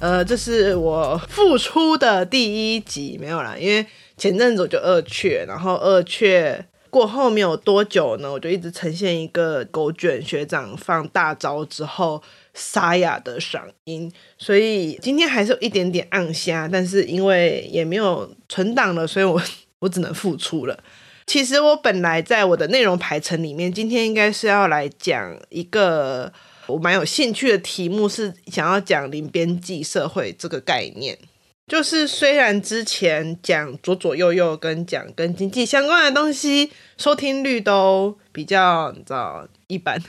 呃，這是我復出的第一集，沒有啦，因為前陣子我就二確，然後二確過後沒有多久呢，我就一直呈現一個狗卷學長放大招之後沙啞的嗓音，所以今天還是有一點點暗啞，但是因為也沒有存檔了，所以我我只能復出了。其實我本來在我的內容排程裡面，今天應該是要來講一個。我蠻有興趣的題目，是想要講零邊際社會這個概念，就是雖然之前講左左右右跟講跟經濟相關的東西收聽率都比較你知道一般，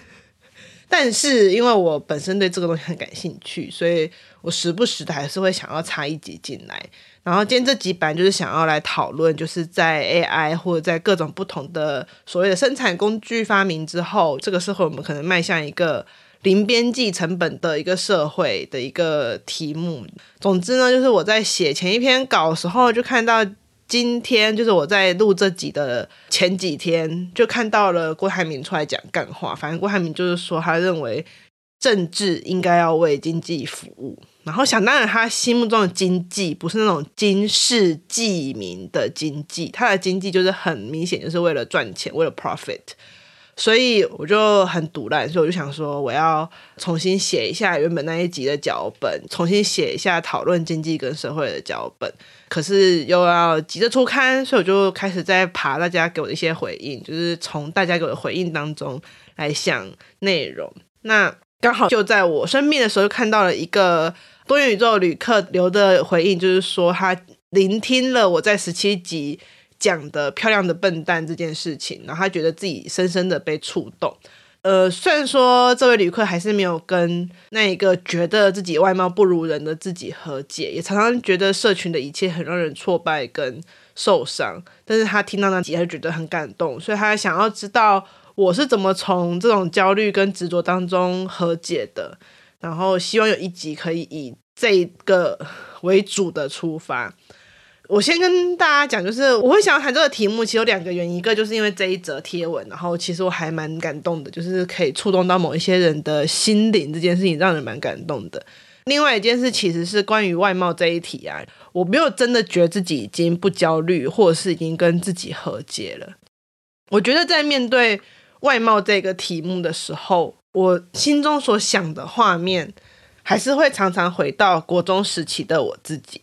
但是因為我本身對這個東西很感興趣，所以我時不時的還是會想要插一集進來。然後今天這幾版就是想要來討論，就是在 AI 或者在各種不同的所謂的生產工具發明之後，這個社會我們可能邁向一個。零邊際成本的一個社會的一個題目。總之呢，就是我在寫前一篇稿的時候，就看到今天，就是我在錄這集的前幾天，就看到了郭台銘出來講幹話。反正郭台銘就是說，他認為政治應該要為經濟服務。然後想當然，他心目中的經濟不是那種經世濟民的經濟，他的經濟就是很明顯就是為了賺錢，為了 profit。所以我就很堵爛，所以我就想說，我要重新寫一下原本那一集的腳本，重新寫一下討論經濟跟社會的腳本。可是又要急着出刊，所以我就開始在爬大家給我的一些回應，就是從大家給我的回應當中來想內容。那剛好就在我生病的時候，就看到了一個多元宇宙旅客留的回應，就是說他聆聽了我在十七集，講的漂亮的笨蛋這件事情，然後他覺得自己深深的被觸動。呃，雖然說這位旅客還是沒有跟那一個覺得自己外貌不如人的自己和解，也常常覺得社群的一切很讓人挫敗跟受傷，但是他聽到那集他覺得很感動，所以他想要知道我是怎麼從這種焦慮跟執着當中和解的，然後希望有一集可以以這個為主的出發。我先跟大家講，就是我會想要談這個題目，其實有兩個原因，一個就是因為這一則貼文，然後其實我還蠻感動的，就是可以觸動到某一些人的心靈，這件事情讓人蠻感動的。另外一件事其實是關於外貌這一題啊，我沒有真的覺得自己已經不焦慮，或者是已經跟自己和解了。我覺得在面對外貌這個題目的時候，我心中所想的畫面還是會常常回到國中時期的我自己。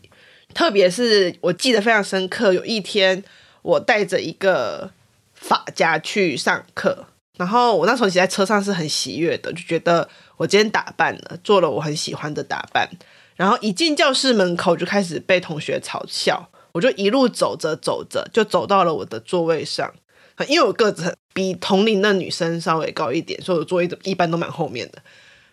特別是我記得非常深刻，有一天我帶着一個髮夾去上課，然後我那時候騎在車上是很喜悅的，就覺得我今天打扮了，做了我很喜歡的打扮。然後一進教室門口就開始被同學嘲笑，我就一路走着走着，就走到了我的座位上。因為我個子很，比同齡的女生稍微高一點，所以我座位一般都蠻後面的。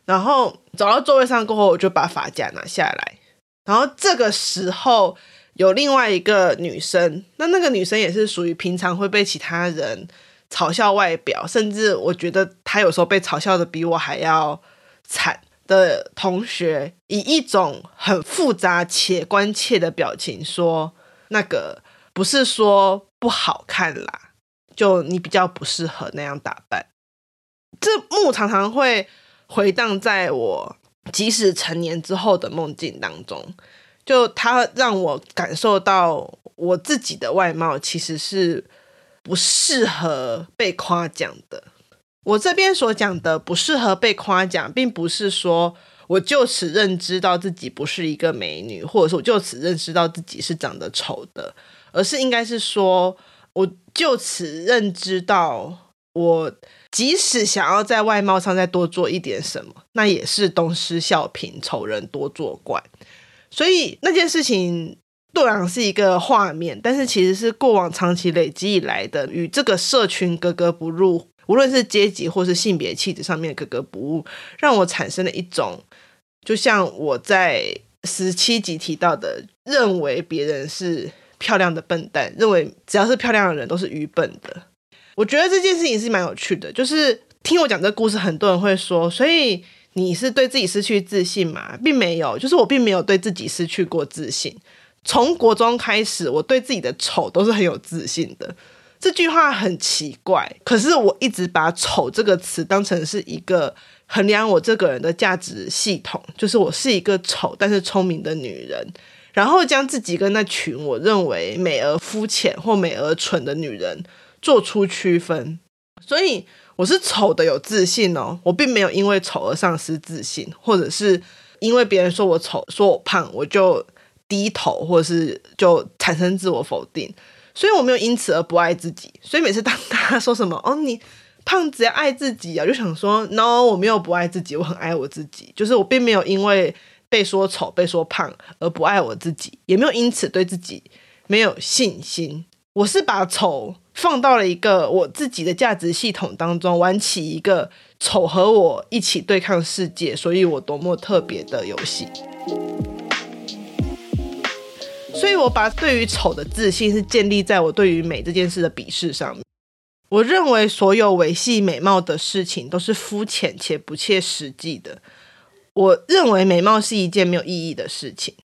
然後走到座位上過後，我就把髮夾拿下來。然後這個時候，有另外一個女生，那那個女生也是屬於平常會被其他人嘲笑外表，甚至我覺得她有時候被嘲笑得比我還要慘的同學，以一種很複雜且關切的表情說：“那個不是說不好看啦，就你比較不適合那樣打扮。”這幕常常會回盪在我。即使成年之後的夢境當中，就他讓我感受到我自己的外貌其實是不適合被誇獎的。我這邊所講的不適合被誇獎，並不是說我就此認知到自己不是一個美女，或者說我就此認識到自己是長得醜的，而是應該是說我就此認知到我。即使想要在外貌上再多做一點什麼，那也是東施效顰，醜人多作怪。所以那件事情，雖然是一個畫面，但是其實是過往長期累積以來的，與這個社群格格不入，無論是階級或是性別氣質上面格格不入，讓我產生了一種，就像我在十七集提到的，認為別人是漂亮的笨蛋，認為只要是漂亮的人都是愚笨的。我覺得這件事情是蠻有趣的，就是聽我講這個故事，很多人會說，所以你是對自己失去自信嗎？並沒有，就是我並沒有對自己失去過自信。從國中開始，我對自己的醜都是很有自信的。這句話很奇怪，可是我一直把「醜」這個詞當成是一個衡量我這個人的價值系統，就是我是一個醜但是聰明的女人，然後將自己跟那群我認為美而膚淺或美而蠢的女人。做出區分，所以我是醜的有自信哦，我並沒有因為醜而喪失自信，或者是因為別人說我醜、說我胖，我就低頭，或者是就產生自我否定。所以我沒有因此而不愛自己。所以每次當大家說什麼“哦，你胖，只要愛自己啊”，就想說 “no，我沒有不愛自己，我很愛我自己”，就是我並沒有因為被說醜、被說胖而不愛我自己，也沒有因此對自己沒有信心。我是把醜放到了一個我自己的價值系統當中，玩起一個醜和我一起對抗世界，所以我多麼特別的遊戲。所以我把對於醜的自信是建立在我對於美這件事的鄙視上面。我認為所有維繫美貌的事情都是膚淺且不切實際的。我認為美貌是一件沒有意義的事情，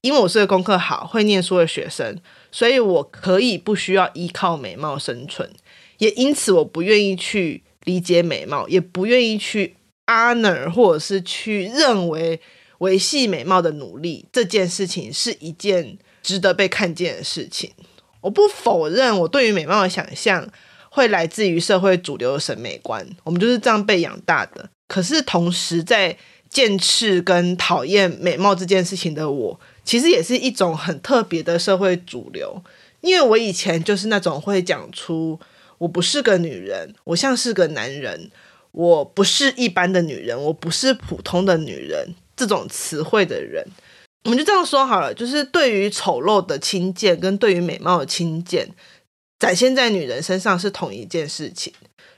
因為我是個功課好、會念書的學生。所以，我可以不需要依靠美貌生存，也因此，我不願意去理解美貌，也不願意去 honor 或者是去認為維繫美貌的努力這件事情是一件值得被看見的事情。我不否認，我對於美貌的想象會來自於社會主流的審美觀，我們就是這樣被養大的。可是，同時在堅持跟討厭美貌這件事情的我。其實也是一種很特別的社會主流，因為我以前就是那種會講出“我不是個女人，我像是個男人，我不是一般的女人，我不是普通的女人”這種詞彙的人。我們就這樣說好了，就是對於醜陋的輕賤跟對於美貌的輕賤，展現在女人身上是同一件事情。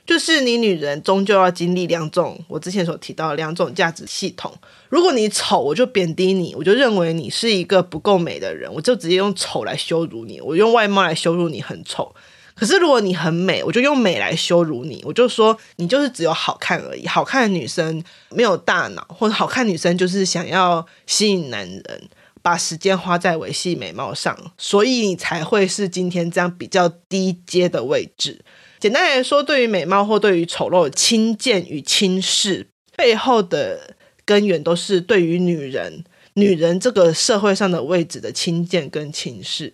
就是你女人終究要經歷兩種，我之前所提到的兩種價值系統。如果你醜，我就貶低你，我就認為你是一個不夠美的人，我就直接用醜來羞辱你，我用外貌來羞辱你很醜。可是如果你很美，我就用美來羞辱你，我就說你就是只有好看而已。好看的女生沒有大腦，或者好看女生就是想要吸引男人，把時間花在維繫美貌上，所以你才會是今天這樣比較低階的位置。簡單來說，對於美貌或對於醜陋的輕賤與輕視背後的根源，都是對於女人、女人這個社會上的位置的輕賤跟輕視。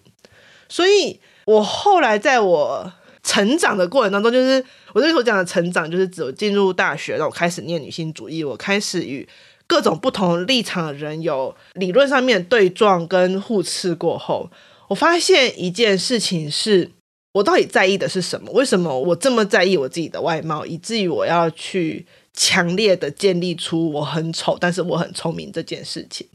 所以，我後來在我成長的過程當中，就是我那時候講的成長，就是只有進入大學，然後我開始念女性主義，我開始與各種不同立場的人有理論上面的對撞跟互斥。過後，我發現一件事情是。我到底在意的是什麼？為什麼我這麼在意我自己的外貌，以至於我要去強烈的建立出我很醜，但是我很聰明這件事情？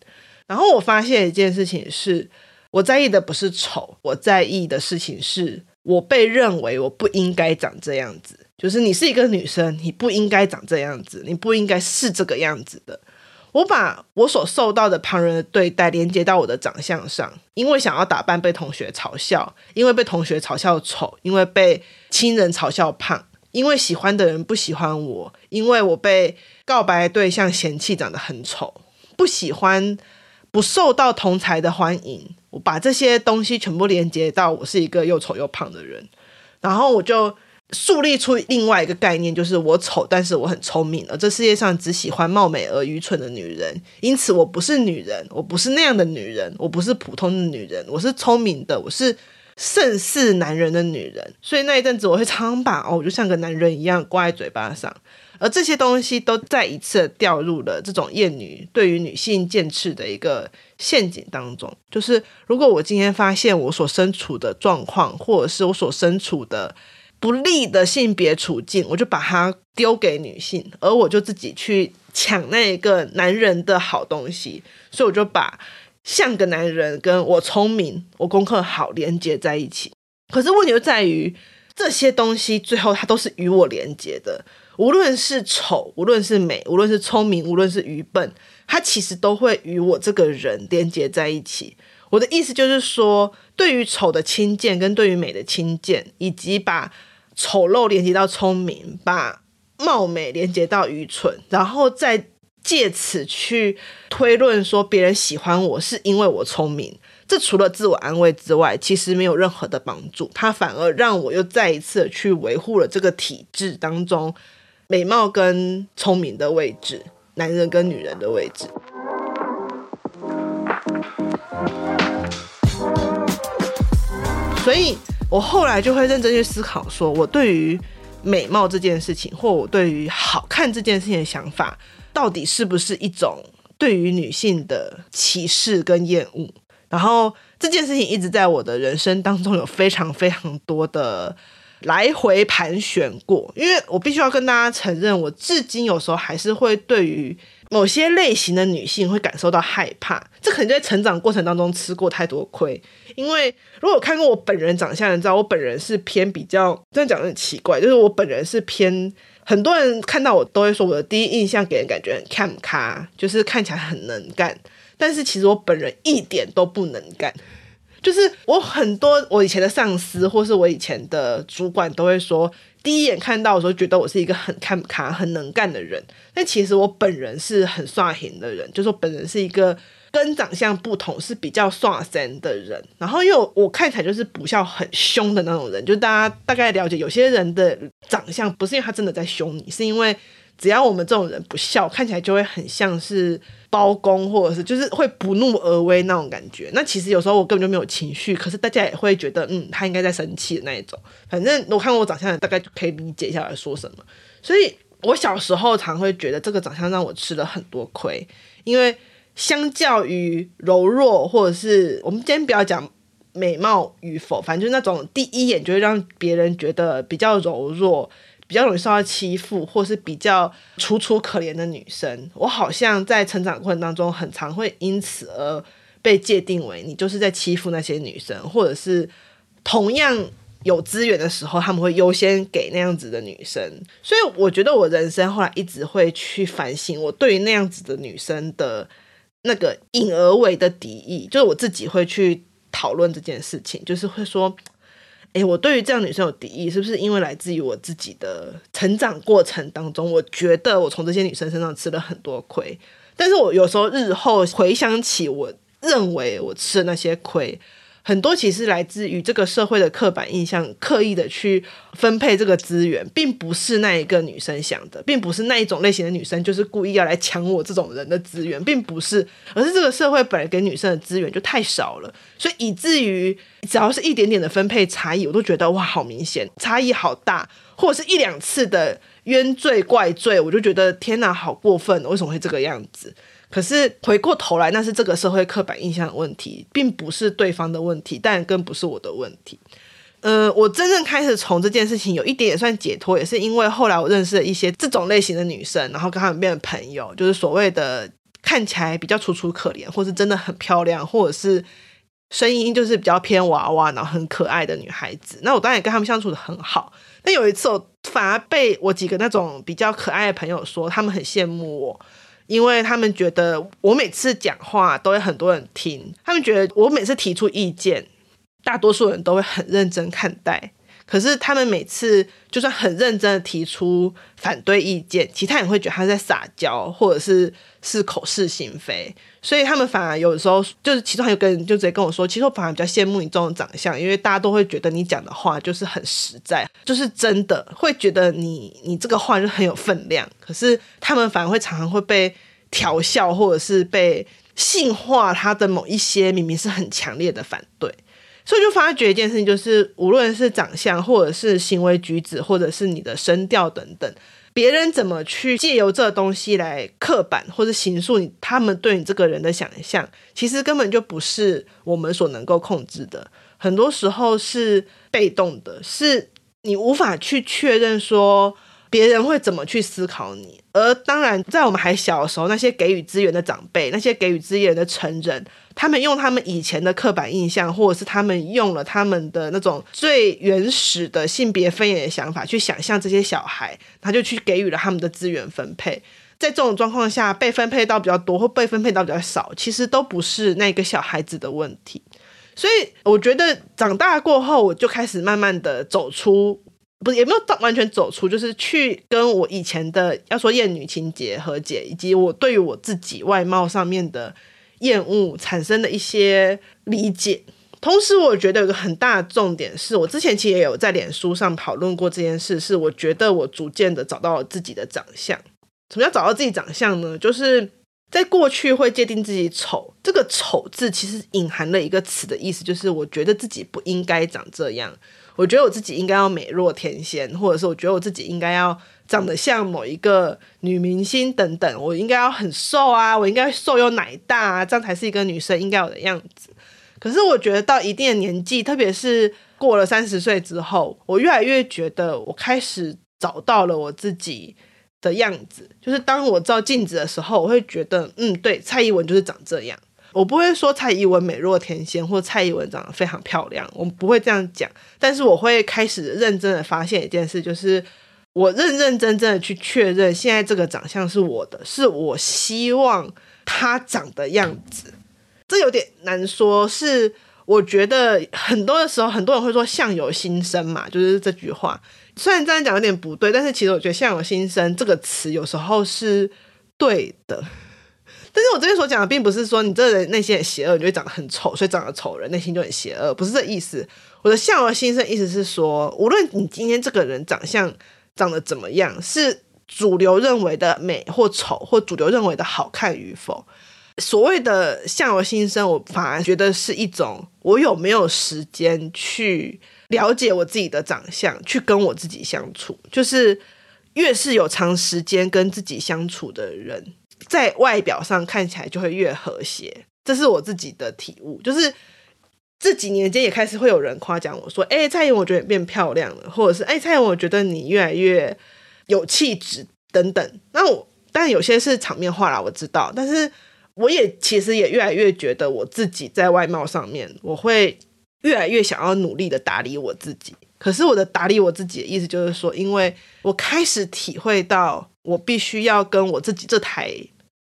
然後我發現一件事情是，我在意的不是醜，我在意的事情是我被認為我不應該長這樣子。就是你是一個女生，你不應該長這樣子，你不應該是這個樣子的。我把我所受到的旁人的對待連接到我的長相上，因為想要打扮被同學嘲笑，因為被同學嘲笑醜，因為被親人嘲笑胖，因為喜歡的人不喜歡我，因為我被告白對象嫌棄長得很醜，不喜歡，不受到同儕的歡迎。我把這些東西全部連接到我是一個又醜又胖的人，然後我就。樹立出另外一個概念，就是我醜，但是我很聰明，而這世界上只喜歡貌美而愚蠢的女人，因此我不是女人，我不是那樣的女人，我不是普通的女人，我是聰明的，我是勝似男人的女人。所以那一陣子，我會常常把哦，我就像個男人一樣掛在嘴巴上，而這些東西都再一次掉入了這種厭女對於女性賤斥的一個陷阱當中。就是如果我今天發現我所身處的狀況，或者是我所身處的。不利的性別處境，我就把它丟給女性，而我就自己去搶那個男人的好東西，所以我就把像個男人跟我聰明、我功課好連接在一起。可是問題就在於這些東西最後它都是與我連接的，無論是醜，無論是美，無論是聰明，無論是愚笨，它其實都會與我這個人連接在一起。我的意思就是說，對於醜的輕賤，跟對於美的輕賤，以及把醜陋連接到聰明，把貌美連接到愚蠢，然後再借此去推論說別人喜歡我是因為我聰明。這除了自我安慰之外，其實沒有任何的幫助。它反而讓我又再一次去維護了這個體制當中美貌跟聰明的位置，男人跟女人的位置。所以。我後來就會認真去思考，說我對於美貌這件事情，或我對於好看這件事情的想法，到底是不是一種對於女性的歧視跟厭惡？然後這件事情一直在我的人生當中有非常非常多的，來回盤旋過，因為我必須要跟大家承認，我至今有時候還是會對於某些類型的女性會感受到害怕。這可能就在成長過程當中吃過太多虧。因為如果看過我本人長相，你知道我本人是偏比較，真的講得很奇怪，就是我本人是偏很多人看到我都會說，我的第一印象給人感覺很卡卡，就是看起來很能幹，但是其實我本人一點都不能幹。就是我很多我以前的上司或是我以前的主管都會說，第一眼看到的時候，覺得我是一個很看卡，卡很能幹的人，但其實我本人是很刷屏的人，就是我本人是一個跟長相不同是比較刷型的人，然後又我，我看起來就是不笑很凶的那種人，就大家大概了解，有些人的長相不是因為他真的在凶你，是因為。只要我們這種人不笑，看起來就會很像是包公，或者是就是會不怒而威那種感覺。那其實有時候我根本就沒有情緒，可是大家也會覺得，嗯，他應該在生氣的那一種。反正我看過我長相的，大概就可以理解一下我在說什麼。所以，我小時候常會覺得這個長相讓我吃了很多虧，因為相較於柔弱，或者是我們今天不要講美貌與否，反正就是那種第一眼就會讓別人覺得比較柔弱。比較容易受到欺負，或是比較楚楚可憐的女生，我好像在成長過程當中，很常會因此而被界定為你就是在欺負那些女生，或者是同樣有資源的時候，他們會優先給那樣子的女生。所以我覺得我人生後來一直會去反省，我對於那樣子的女生的那個隱而為的敵意，就是我自己會去討論這件事情，就是會說。誒、欸，我對於這樣女生有敵意，是不是因為來自於我自己的成長過程當中？我覺得我從這些女生身上吃了很多虧，但是我有時候日後回想起，我認為我吃的那些虧。很多其實來自於這個社會的刻板印象，刻意的去分配這個資源，並不是那一個女生想的，並不是那一種類型的女生就是故意要來搶我這種人的資源，並不是，而是這個社會本來給女生的資源就太少了，所以以至於只要是一點點的分配差異，我都覺得哇，好明顯，差異好大，或者是一兩次的冤罪怪罪，我就覺得天哪，好過分哦，為什麼會這個樣子？可是回過頭來，那是這個社會刻板印象的問題，並不是對方的問題，但更不是我的問題。呃，我真正開始從這件事情有一點也算解脫，也是因為後來我認識了一些這種類型的女生，然後跟他們變成朋友，就是所謂的看起來比較楚楚可憐，或是真的很漂亮，或者是聲音就是比較偏娃娃，然後很可愛的女孩子。那我當然也跟他們相處得很好。但有一次，我反而被我幾個那種比較可愛的朋友說，他們很羨慕我。因為他們覺得我每次講話都有很多人聽，他們覺得我每次提出意見，大多數人都會很認真看待。可是他們每次就算很認真的提出反對意見，其他人會覺得他在撒嬌，或者是是口是心非。所以他們反而有時候就是其中還有個人就直接跟我說：“其實我反而比較羨慕你這種長相，因為大家都會覺得你講的話就是很實在，就是真的，會覺得你你這個話就很有分量。”可是他們反而會常常會被調笑，或者是被性化他的某一些明明是很強烈的反對。所以就發覺一件事情，就是無論是長相，或者是行為舉止，或者是你的聲調等等，別人怎麼去借由這東西來刻板或者形塑你，他們對你這個人的想象，其實根本就不是我們所能夠控制的，很多時候是被動的，是你無法去確認說。別人會怎麼去思考你？而當然，在我們還小的時候，那些給予資源的長輩，那些給予資源的成人，他們用他們以前的刻板印象，或者是他們用了他們的那種最原始的性別分野的想法，去想象這些小孩，他就去給予了他們的資源分配。在這種狀況下，被分配到比較多，或被分配到比較少，其實都不是那個小孩子的問題。所以，我覺得長大過後，我就開始慢慢的走出。不是，也沒有到完全走出，就是去跟我以前的要說厭女情結和解，以及我對於我自己外貌上面的厭惡產生的一些理解。同時，我覺得有個很大的重點是，我之前其實也有在臉書上討論過這件事，是我覺得我逐漸的找到了自己的長相。什麼叫找到自己長相呢？就是在過去會界定自己醜，這個“醜”字其實隱含了一個詞的意思，就是我覺得自己不應該長這樣。我覺得我自己應該要美若天仙，或者是我覺得我自己應該要長得像某一個女明星等等，我應該要很瘦啊，我應該瘦又奶大啊，這樣才是一個女生應該有的樣子。可是我覺得到一定的年紀，特別是過了三十歲之後，我越來越覺得，我開始找到了我自己的樣子。就是當我照鏡子的時候，我會覺得，嗯，對，蔡宜文就是長這樣。我不會說蔡宜文美若天仙，或蔡宜文長得非常漂亮，我不會這樣講。但是我會開始認真的發現一件事，就是我認認真真的去確認，現在這個長相是我的，是我希望他長的樣子。這有點難說，是我覺得很多的時候，很多人會說“相由心生”嘛，就是這句話。雖然這樣講有點不對，但是其實我覺得“相由心生”這個詞有時候是對的。但是，我這邊所講的並不是說你這個人內心很邪惡，你就會長得很醜，所以長得醜人內心就很邪惡，不是這意思。我的相由心生，意思是說，無論你今天這個人長相長得怎麼樣，是主流認為的美或醜，或主流認為的好看與否，所謂的相由心生，我反而覺得是一種我有沒有時間去了解我自己的長相，去跟我自己相處，就是越是有長時間跟自己相處的人。在外表上看起來就會越和諧，這是我自己的體悟。就是這幾年間也開始會有人誇獎我說：“哎、欸，蔡宜文，我覺得你變漂亮了。”或者是“哎、欸，蔡宜文，我覺得你越來越有氣質。”等等。那我但有些是場面話啦，我知道。但是我也其實也越來越覺得，我自己在外貌上面，我會越來越想要努力的打理我自己。可是我的打理我自己的意思就是說，因為我開始體會到，我必須要跟我自己這台。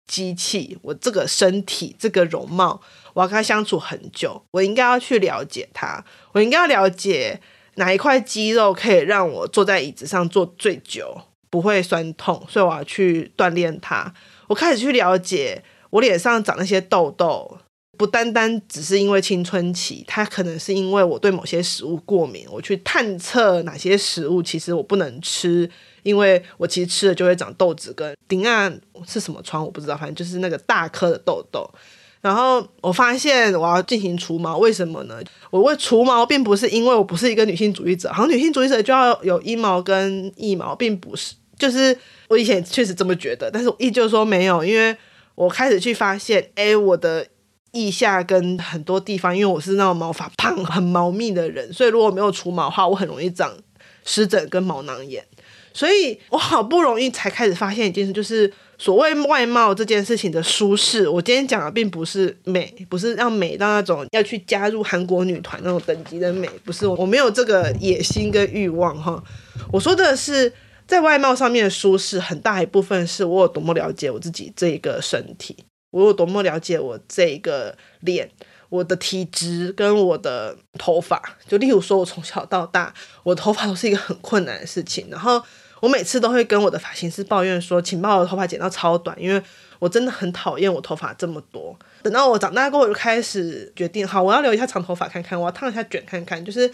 機器，我這個身體、這個容貌，我要跟他相處很久，我應該要去了解他。我應該要了解哪一塊肌肉可以讓我坐在椅子上坐最久，不會酸痛，所以我要去鍛鍊它。我開始去了解，我臉上長那些痘痘，不單單只是因為青春期，它可能是因為我對某些食物過敏。我去探測哪些食物其實我不能吃。因為我其實吃了就會長痘子，跟頂岸是什麼瘡我不知道，反正就是那個大顆的痘痘。然後我發現我要進行除毛，為什麼呢？我為除毛並不是因為我不是一個女性主義者，好像女性主義者就要有陰毛跟腋毛，並不是。就是我以前確實這麼覺得，但是我依舊說沒有，因為我開始去發現，哎，我的腋下跟很多地方，因為我是那種毛髮胖很茂密的人，所以如果沒有除毛的話，我很容易長濕疹跟毛囊炎。所以我好不容易才開始發現一件事，就是所謂外貌這件事情的舒適。我今天講的並不是美，不是要美到那種要去加入韓國女團那種等級的美，不是，我我沒有這個野心跟慾望哈。我說的是在外貌上面的舒適，很大一部分是我有多麼了解我自己這個身體，我有多麼了解我這個臉。我的體質跟我的頭髮，就例如說，我從小到大，我的頭髮都是一個很困難的事情。然後我每次都會跟我的髮型師抱怨說：“請把我的頭髮剪到超短，因為我真的很討厭我頭髮這麼多。”等到我長大過後，我就開始決定：好，我要留一下長頭髮看看，我要燙一下卷看看。就是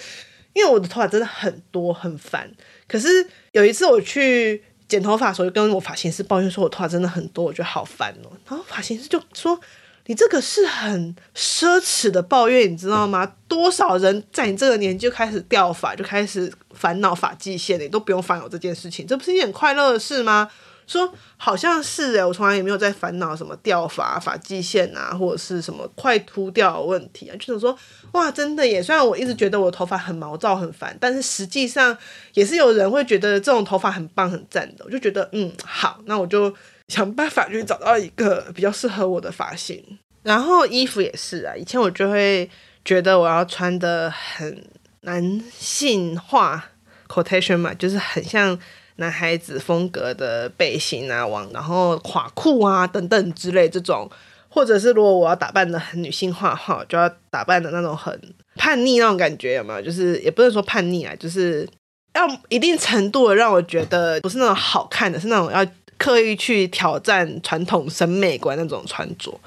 因為我的頭髮真的很多，很煩。可是有一次我去剪頭髮的時候，就跟我髮型師抱怨說：“我頭髮真的很多，我覺得好煩哦。”然後髮型師就說，你這個是很奢侈的抱怨，你知道嗎？多少人在你這個年紀就開始掉髮，就開始煩惱髮際線，你都不用煩惱這件事情，這不是一件很快樂的事嗎？說好像是誒、欸，我從來也沒有在煩惱什麼掉髮、髮際線啊，或者是什麼快禿掉的問題啊，就想說哇，真的耶。雖然我一直覺得我頭髮很毛躁、很煩，但是實際上也是有人會覺得這種頭髮很棒、很讚的。我就覺得嗯好，那我就。想辦法去找到一個比較適合我的髮型，然後衣服也是啊。以前我就會覺得我要穿的很男性化，quotation 嘛，就是很像男孩子風格的背心啊，然後垮褲啊等等之類這種。或者是如果我要打扮的很女性化哈，就要打扮的那種很叛逆那種感覺，有沒有？就是也不能說叛逆啊，就是要一定程度的讓我覺得不是那種好看的，是那種要。刻意去挑戰傳統審美觀那種穿着，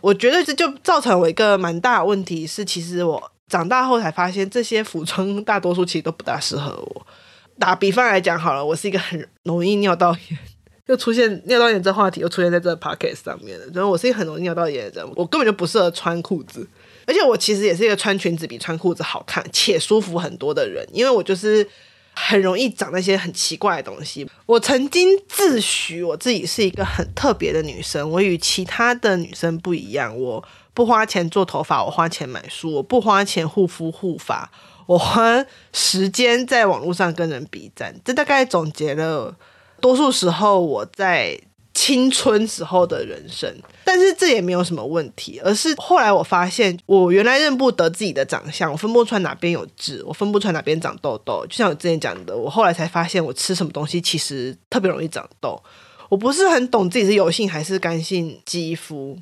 我覺得這就造成我一個蠻大的問題。是其實我長大後才發現，這些服裝大多數其實都不大適合我。打比方來講，好了，我是一個很容易尿道炎，又出現尿道炎這話題又出現在這 podcast 上面了。然後我是一個很容易尿道炎的人，我根本就不適合穿褲子，而且我其實也是一個穿裙子比穿褲子好看且舒服很多的人，因為我就是。很容易長那些很奇怪的東西。我曾經自詡我自己是一個很特別的女生，我與其他的女生不一樣。我不花錢做頭髮，我花錢買書；我不花錢護膚護髮，我花時間在網絡上跟人筆戰。這大概總結了，多數時候我在。青春時候的人生，但是這也沒有什麼問題，而是後來我發現，我原來認不得自己的長相，我分不出來哪邊有痣，我分不出來哪邊長痘痘。就像我之前講的，我後來才發現，我吃什麼東西其實特別容易長痘。我不是很懂自己是油性還是乾性肌膚，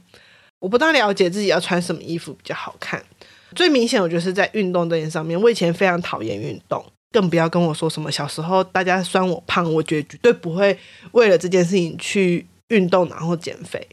我不大了解自己要穿什麼衣服比較好看。最明顯，我覺得是在運動這件上面，我以前非常討厭運動。更不要跟我說什麼小時候大家酸我胖，我絕對不會為了這件事情去運動然後減肥。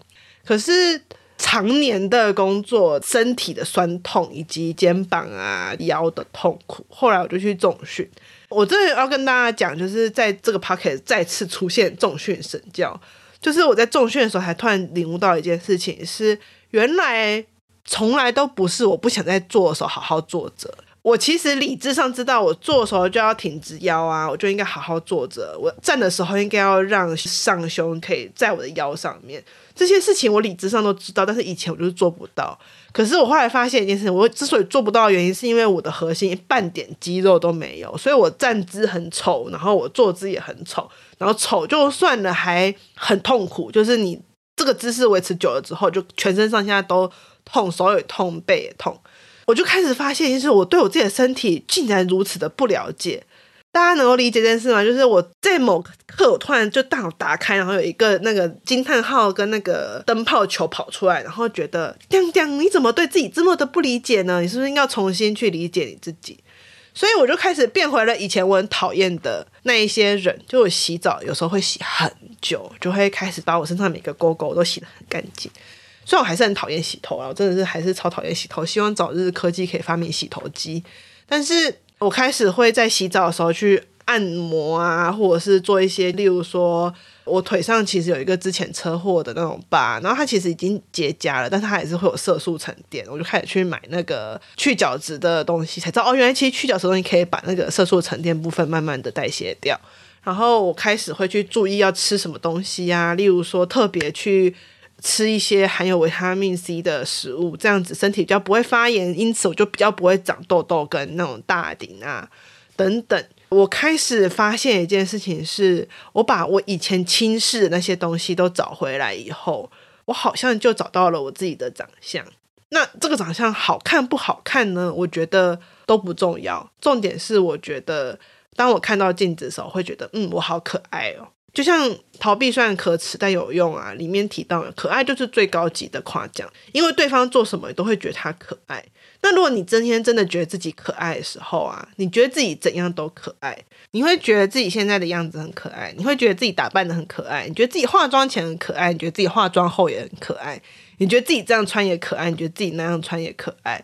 可是常年的工作，身體的酸痛以及肩膀啊腰的痛苦，後來我就去重訓。我這要跟大家講，就是在這個 podcast 再次出現重訓神教，就是我在重訓的時候，還突然領悟到一件事情，是原來從來都不是我不想在做的時候好好做着。我其實理智上知道，我坐的時候就要挺直腰啊，我就應該好好坐着。我站的時候應該要讓上胸可以在我的腰上面。這些事情我理智上都知道，但是以前我就是做不到。可是我後來發現一件事情，我之所以做不到的原因是因為我的核心半點肌肉都沒有，所以我站姿很醜，然後我坐姿也很醜，然後醜就算了，還很痛苦。就是你這個姿勢維持久了之後，就全身上下都痛，手也痛，背也痛。我就開始發現，就是我對我自己的身體竟然如此的不了解。大家能夠理解這件事嗎？就是我在某刻我突然就大腦打開，然後有一個那個驚嘆號跟那個燈泡球跑出來，然後覺得：江江，你怎麼對自己這麼的不理解呢？你是不是應該重新去理解你自己？所以我就開始變回了以前我很討厭的那一些人。就我洗澡有時候會洗很久，就會開始把我身上每個溝溝都洗得很乾淨。所以雖然我還是很討厭洗頭啊，我真的是還是超討厭洗頭。希望早日科技可以發明洗頭機。但是我開始會在洗澡的時候去按摩啊，或者是做一些，例如說我腿上其實有一個之前車禍的那種疤，然後它其實已經結痂了，但是它還是會有色素沉澱。我就開始去買那個去角質的東西，才知道哦，原來其實去角質東西可以把那個色素沉澱部分慢慢的代謝掉。然後我開始會去注意要吃什麼東西呀、啊，例如說特別去。吃一些含有維他命 C 的食物，這樣子身體比較不會發炎，因此我就比較不會長痘痘跟那種大頂啊等等。我開始發現一件事情是，是我把我以前輕視的那些東西都找回來以後，我好像就找到了我自己的長相。那這個長相好看不好看呢？我覺得都不重要，重點是我覺得當我看到鏡子的時候，會覺得嗯，我好可愛哦。就像逃避雖然可恥，但有用啊！裡面提到，可愛就是最高級的誇獎，因為對方做什麼都會覺得他可愛。那如果你今天真的覺得自己可愛的時候啊，你覺得自己怎樣都可愛，你會覺得自己現在的樣子很可愛，你會覺得自己打扮得很可愛，你覺得自己化妝前很可愛，你覺得自己化妝後也很可愛，你覺得自己這樣穿也可愛，你覺得自己那樣穿也可愛。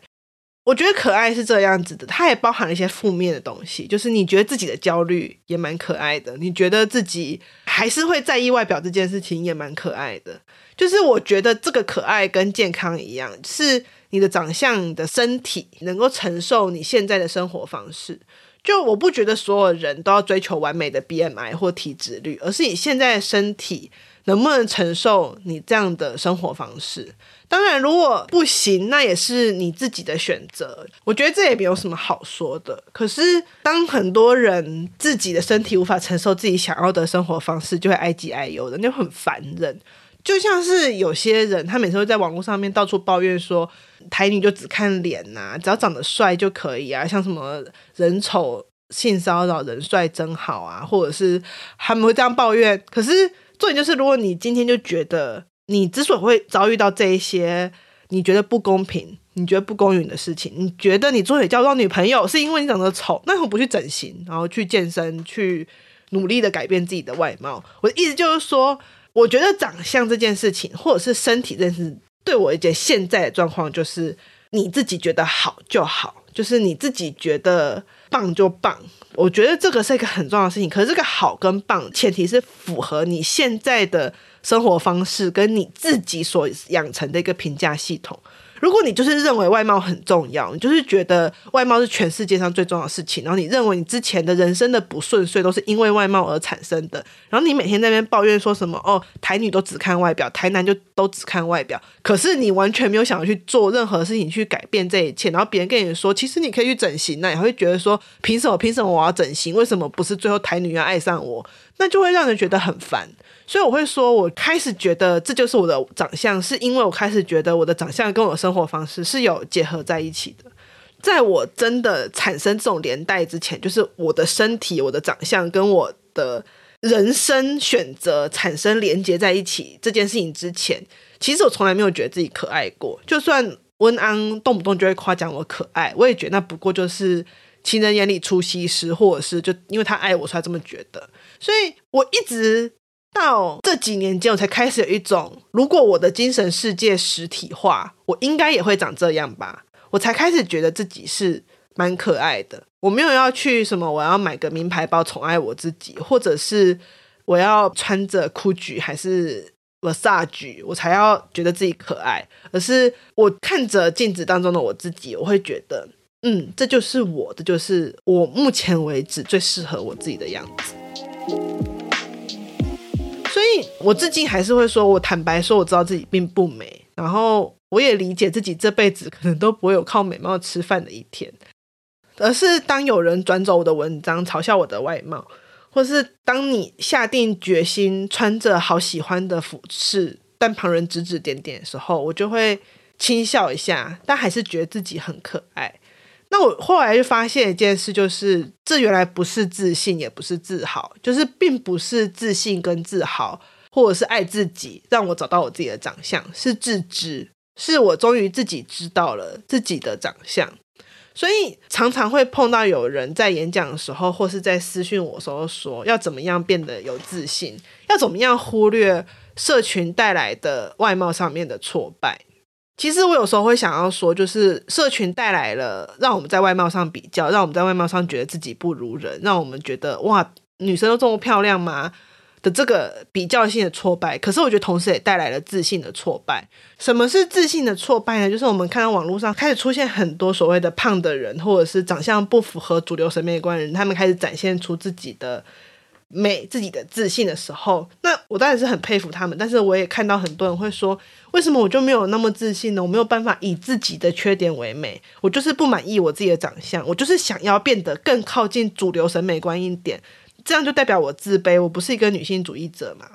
我覺得可愛是這樣子的，它也包含了一些負面的東西，就是你覺得自己的焦慮也蠻可愛的，你覺得自己還是會在意外表這件事情也蠻可愛的，就是我覺得這個可愛跟健康一樣是。你的長相、你的身體能夠承受你現在的生活方式，就我不覺得所有人都要追求完美的 BMI 或體脂率，而是你現在的身體能不能承受你這樣的生活方式？當然，如果不行，那也是你自己的選擇。我覺得這也沒有什麼好說的。可是，當很多人自己的身體無法承受自己想要的生活方式，就會哀咿哀唷的，就很煩人。就像是有些人，他每次會在網絡上面到處抱怨說，台女就只看臉吶、啊，只要長得帥就可以啊，像什麼人醜性騷擾人帥真好啊，或者是他們會這樣抱怨。可是重點就是，如果你今天就覺得你之所以會遭遇到這一些你覺得不公平、你覺得不公允的事情，你覺得你做所交到女朋友是因為你長得醜，那我不去整形，然後去健身，去努力的改變自己的外貌。我的意思就是說。我覺得長相這件事情，或者是身體這件事情，對我一件現在的狀況，就是你自己覺得好就好，就是你自己覺得棒就棒。我覺得這個是一個很重要的事情，可是這個好跟棒，前提是符合你現在的生活方式，跟你自己所養成的一個評價系統。如果你就是認為外貌很重要，你就是覺得外貌是全世界上最重要的事情，然後你認為你之前的人生的不順遂都是因為外貌而產生的，然後你每天在那邊抱怨說什麼哦，台女都只看外表，台男就都只看外表，可是你完全沒有想要去做任何事情去改變這一切，然後別人跟你說，其實你可以去整形，那你會覺得說，憑什麼？憑什麼我要整形？為什麼不是最後台女要愛上我？那就會讓人覺得很煩。所以我會說，我開始覺得這就是我的長相，是因為我開始覺得我的長相跟我的生活方式是有結合在一起的。在我真的產生這種連帶之前，就是我的身體、我的長相跟我的人生選擇產生連接在一起這件事情之前，其實我從來沒有覺得自己可愛過。就算溫安動不動就會誇獎我可愛，我也覺得那不過就是情人眼裡出西施，或者是就因為他愛我才這麼覺得。所以我一直到這幾年間，我才開始有一種，如果我的精神世界實體化，我應該也會長這樣吧。我才開始覺得自己是蠻可愛的。我沒有要去什麼，我要買個名牌包寵愛我自己，或者是我要穿着 Gucci 還是 Versace 我才要覺得自己可愛。而是我看着鏡子當中的我自己，我會覺得，嗯，這就是我的，這就是我目前為止最適合我自己的樣子。我至今還是會說，我坦白說，我知道自己並不美，然後我也理解自己這輩子可能都不會有靠美貌吃飯的一天。而是當有人轉走我的文章，嘲笑我的外貌，或是當你下定決心穿着好喜歡的服飾，但旁人指指點點的時候，我就會輕笑一下，但還是覺得自己很可愛。那我後來就發現一件事，就是這原來不是自信，也不是自豪，就是並不是自信跟自豪。或者是愛自己，讓我找到我自己的長相，是自知，是我終於自己知道了自己的長相。所以常常會碰到有人在演講的時候，或是在私訊我的時候說，要怎麼樣變得有自信，要怎麼樣忽略社群帶來的外貌上面的挫敗。其實我有時候會想要說，就是社群帶來了讓我們在外貌上比較，讓我們在外貌上覺得自己不如人，讓我們覺得哇，女生都這麼漂亮嗎？的這個比較性的挫敗，可是我覺得同時也帶來了自信的挫敗。什麼是自信的挫敗呢？就是我們看到網絡上開始出現很多所謂的胖的人，或者是長相不符合主流審美觀的人，他們開始展現出自己的美、自己的自信的時候，那我當然是很佩服他們，但是我也看到很多人會說，為什麼我就沒有那麼自信呢？我沒有辦法以自己的缺點為美，我就是不滿意我自己的長相，我就是想要變得更靠近主流審美觀一點。這樣就代表我自卑，我不是一個女性主義者嘛？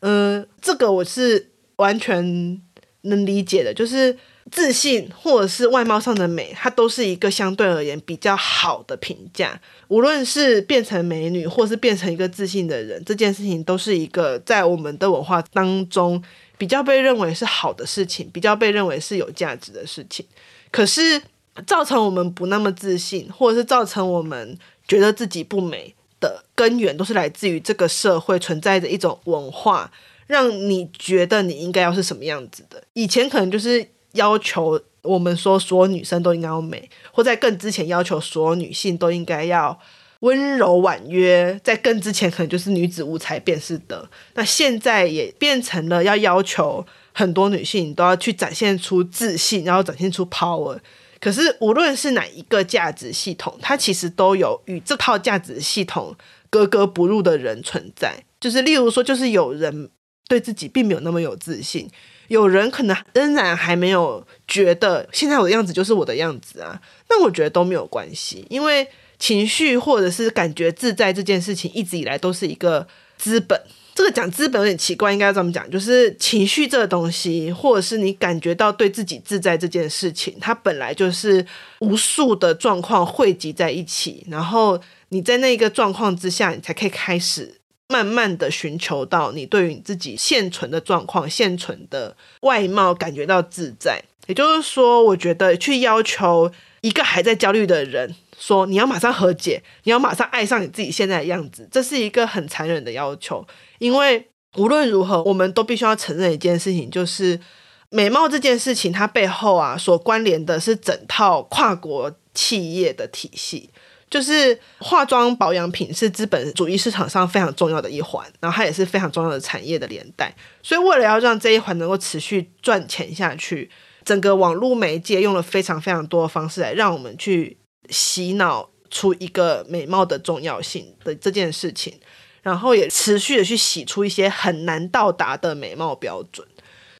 嗯、呃，這個我是完全能理解的。就是自信或者是外貌上的美，它都是一個相對而言比較好的評價。無論是變成美女，或是變成一個自信的人，這件事情都是一個在我們的文化當中比較被認為是好的事情，比較被認為是有價值的事情。可是造成我們不那麼自信，或者是造成我們覺得自己不美的根源都是來自於這個社會存在着一種文化，讓你覺得你應該要是什麼樣子的。以前可能就是要求我們說所有女生都應該要美，或在更之前要求所有女性都應該要溫柔婉約。在更之前可能就是女子無才便是德，那現在也變成了要要求很多女性都要去展現出自信，然後展現出 power。可是，無論是哪一個價值系統，它其實都有與這套價值系統格格不入的人存在。就是，例如說，就是有人對自己並沒有那麼有自信，有人可能仍然還沒有覺得現在我的樣子就是我的樣子啊。那我覺得都沒有關係，因為情緒或者是感覺自在這件事情一直以來都是一個資本。這個講資本有點奇怪，應該要這麼講？就是情緒這個東西，或者是你感覺到對自己自在這件事情，它本來就是無數的狀況匯集在一起，然後你在那個狀況之下，你才可以開始慢慢的尋求到你對於你自己現存的狀況、現存的外貌感覺到自在。也就是說，我覺得去要求一個還在焦慮的人，說你要馬上和解，你要馬上愛上你自己現在的樣子，這是一個很殘忍的要求。因為無論如何，我們都必須要承認一件事情，就是美貌這件事情，它背後啊所關聯的是整套跨國企業的體系，就是化妝保養品是資本主義市場上非常重要的一環，然後它也是非常重要的產業的連帶。所以，為了要讓這一環能夠持續賺錢下去，整個網絡媒介用了非常非常多的方式來讓我們去。洗腦出一個美貌的重要性的這件事情，然後也持續的去洗出一些很難到達的美貌標準。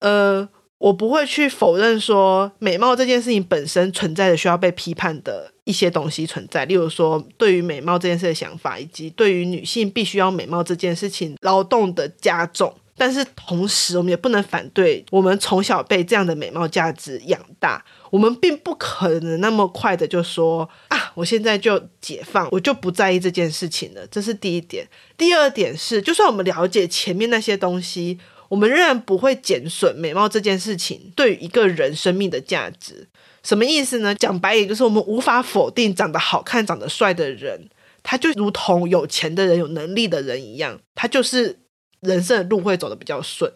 呃，我不會去否認說美貌這件事情本身存在著需要被批判的一些東西存在，例如說對於美貌這件事的想法，以及對於女性必須要美貌這件事情勞動的加重。但是同時，我們也不能反對，我們從小被這樣的美貌價值養大。我們並不可能那麼快的就說啊，我現在就解放，我就不在意這件事情了。這是第一點。第二點是，就算我們了解前面那些東西，我們仍然不會減損美貌這件事情對於一個人生命的價值。什麼意思呢？講白也就是我們無法否定長得好看、長得帥的人，他就如同有錢的人、有能力的人一樣，他就是人生的路會走得比較順。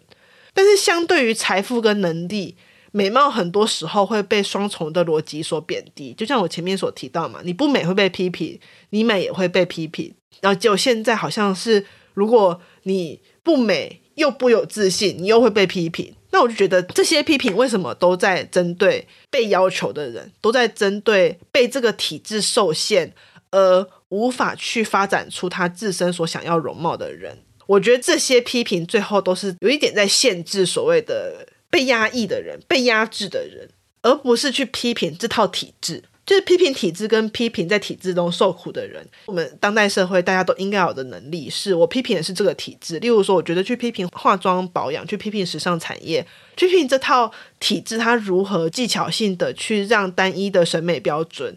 但是相對於財富跟能力。美貌很多時候會被雙重的邏輯所貶低，就像我前面所提到嘛，你不美會被批評，你美也會被批評，然後結果現在好像是如果你不美又不有自信，你又會被批評。那我就覺得這些批評為什麼都在針對被要求的人，都在針對被這個體制受限而無法去發展出他自身所想要容貌的人？我覺得這些批評最後都是有一點在限制所謂的。被壓抑的人，被壓制的人，而不是去批評這套體制，就是批評體制跟批評在體制中受苦的人。我們當代社會大家都應該有的能力，是我批評的是這個體制。例如說，我覺得去批評化妝保養，去批評時尚產業，去批評這套體制，它如何技巧性的去讓單一的審美標準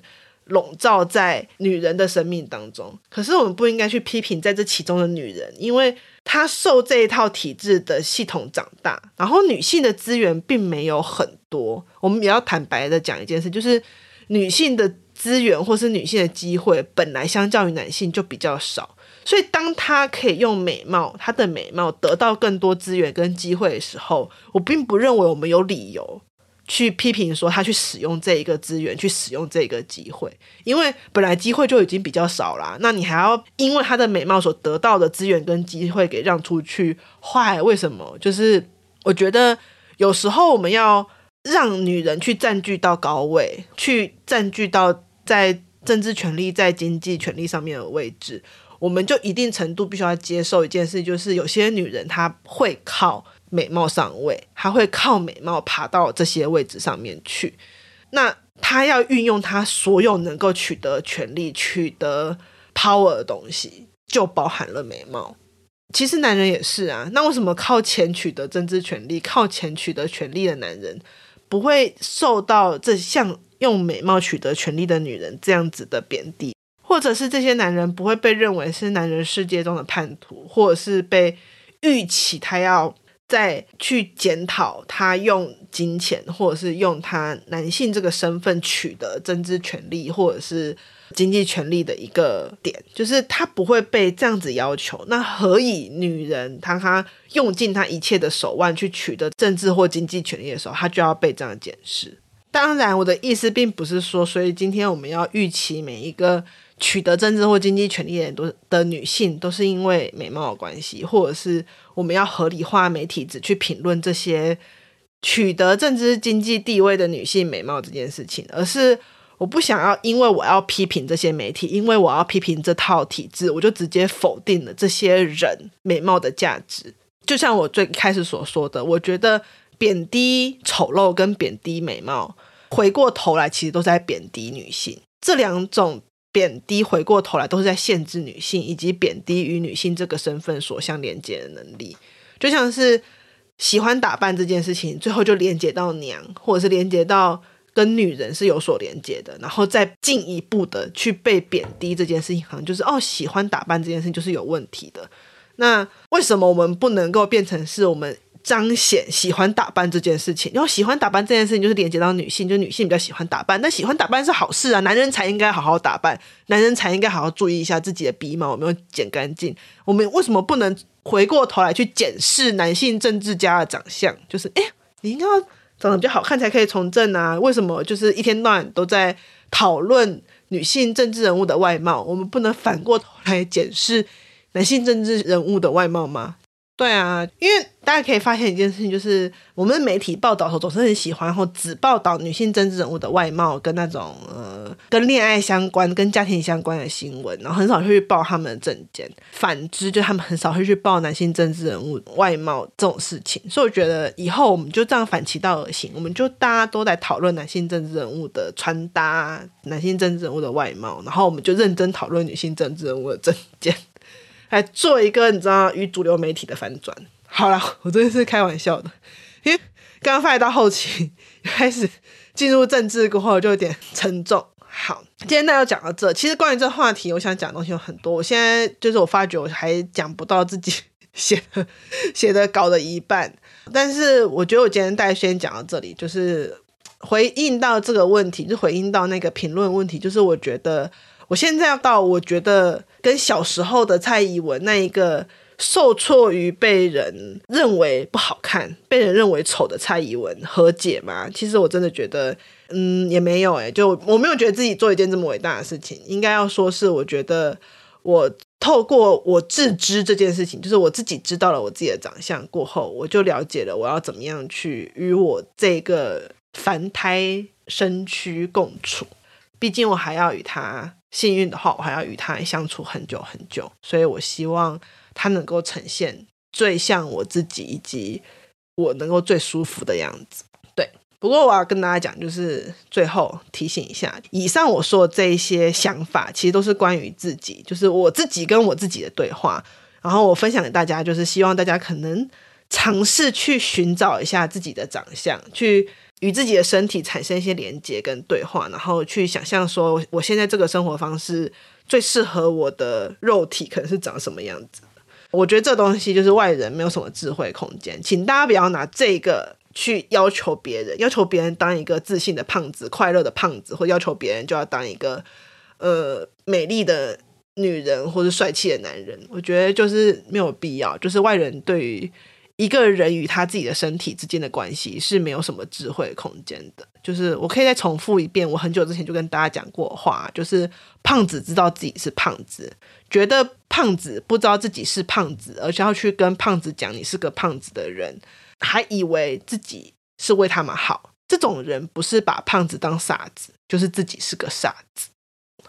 籠罩在女人的生命當中。可是我們不應該去批評在這其中的女人，因為。她受這一套體制的系統長大，然後女性的資源並沒有很多。我們也要坦白的講一件事，就是女性的資源或是女性的機會，本來相較於男性就比較少。所以，當她可以用美貌，她的美貌得到更多資源跟機會的時候，我並不認為我們有理由。去批評說他去使用這一個資源，去使用這個機會，因為本來機會就已經比較少啦，那你還要因為她的美貌所得到的資源跟機會給讓出去，壞？為什麼？就是我覺得有時候我們要讓女人去佔據到高位，去佔據到在政治權力、在經濟權力上面的位置，我們就一定程度必須要接受一件事，就是有些女人她會靠。美貌上位，他會靠美貌爬到這些位置上面去。那他要運用他所有能夠取得權力、取得 power 的東西，就包含了美貌。其實男人也是啊。那為什麼靠錢取得政治權力、靠錢取得權力的男人，不會受到這像用美貌取得權力的女人這樣子的貶低，或者是這些男人不會被認為是男人世界中的叛徒，或者是被預期他要。再去檢討他用金錢，或者是用他男性這個身份取得政治權利，或者是經濟權利的一個點，就是他不會被這樣子要求。那何以女人，她她用盡她一切的手腕去取得政治或經濟權利的時候，她就要被這樣檢視？當然，我的意思並不是說，所以今天我們要預期每一個取得政治或經濟權利的都的女性都是因為美貌關係，或者是我們要合理化媒體只去評論這些取得政治經濟地位的女性美貌這件事情，而是我不想要因為我要批評這些媒體，因為我要批評這套體制，我就直接否定了這些人美貌的價值。就像我最開始所說的，我覺得貶低醜陋跟貶低美貌。回過頭來，其實都在貶低女性。這兩種貶低，回過頭來都是在限制女性，以及貶低與女性這個身份所相連接的能力。就像是喜歡打扮這件事情，最後就連接到娘，或者是連接到跟女人是有所連接的，然後再進一步的去被貶低這件事情，好像就是哦，喜歡打扮這件事情就是有問題的。那為什麼我們不能夠變成是我們？彰顯喜歡打扮這件事情，然後喜歡打扮這件事情就是連接到女性，就是、女性比較喜歡打扮。那喜歡打扮是好事啊，男人才應該好好打扮，男人才應該好好注意一下自己的鼻毛有沒有剪乾淨。我們為什麼不能回過頭來去檢視男性政治家的長相？就是哎，你應該要長得比較好看才可以從政啊？為什麼就是一天到晚都在討論女性政治人物的外貌？我們不能反過頭來檢視男性政治人物的外貌嗎？對啊，因為大家可以發現一件事情，就是我們媒體報道的時候，總是很喜歡或只報道女性政治人物的外貌跟那種呃跟戀愛相關、跟家庭相關的新聞，然後很少會去報他們的政見。反之，就他們很少會去報男性政治人物外貌這種事情。所以我覺得以後我們就這樣反其道而行，我們就大家都來討論男性政治人物的穿搭、男性政治人物的外貌，然後我們就認真討論女性政治人物的政見。來做一個你知道與主流媒體的反轉。好了，我真的是開玩笑的，因為剛發來到後期開始進入政治過後，就有點沉重。好，今天大家講到這，其實關於這話題，我想講的東西有很多。我現在就是我發覺我還講不到自己寫的寫的稿的一半，但是我覺得我今天大家先講到這裡，就是回應到這個問題，就是回應到那個評論問題，就是我覺得。我現在要到我覺得跟小時候的蔡宜文那一個受挫於被人認為不好看，被人認為醜的蔡宜文和解嗎？其實我真的覺得，嗯，也沒有哎，就我沒有覺得自己做一件這麼偉大的事情。應該要說，是我覺得我透過我自知這件事情，就是我自己知道了我自己的長相過後，我就了解了我要怎麼樣去與我這個凡胎身軀共處。畢竟我還要與他。幸運的話，我還要與他相處很久很久，所以我希望他能夠呈現最像我自己以及我能夠最舒服的樣子。對，不過我要跟大家講，就是最後提醒一下，以上我說的這些想法，其實都是關於自己，就是我自己跟我自己的對話，然後我分享給大家，就是希望大家可能嘗試去尋找一下自己的長相，去。與自己的身體產生一些連接跟對話，然後去想象說，我現在這個生活方式最適合我的肉體，可能是長什麼樣子。我覺得這東西就是外人沒有什麼智慧空間，請大家不要拿這個去要求別人，要求別人當一個自信的胖子，快樂的胖子，或要求別人就要當一個呃美麗的女人或是帥氣的男人。我覺得就是沒有必要，就是外人對於。一個人與他自己的身體之間的關係是沒有什麼智慧空間的。就是我可以再重複一遍，我很久之前就跟大家講過話，就是胖子知道自己是胖子，覺得胖子不知道自己是胖子，而且要去跟胖子講你是個胖子的人，還以為自己是為他們好。這種人不是把胖子當傻子，就是自己是個傻子。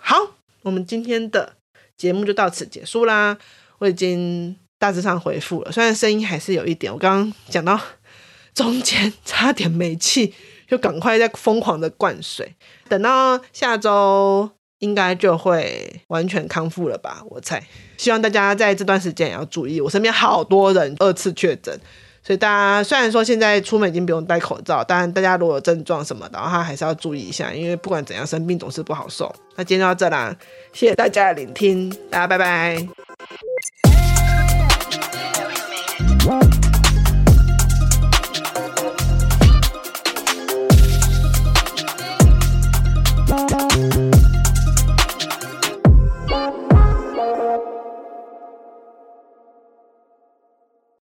好，我們今天的節目就到此結束啦。我已經。大致上回復了，雖然聲音還是有一點。我剛剛講到中間差點沒氣，就趕快在瘋狂的灌水。等到下周應該就會完全康復了吧？我猜。希望大家在這段時間也要注意。我身邊好多人二次確診，所以大家雖然說現在出門已經不用戴口罩，但大家如果有症狀什麼的話，他還是要注意一下，因為不管怎樣生病總是不好受。那今天就到這啦，謝謝大家的聆聽，大家拜拜。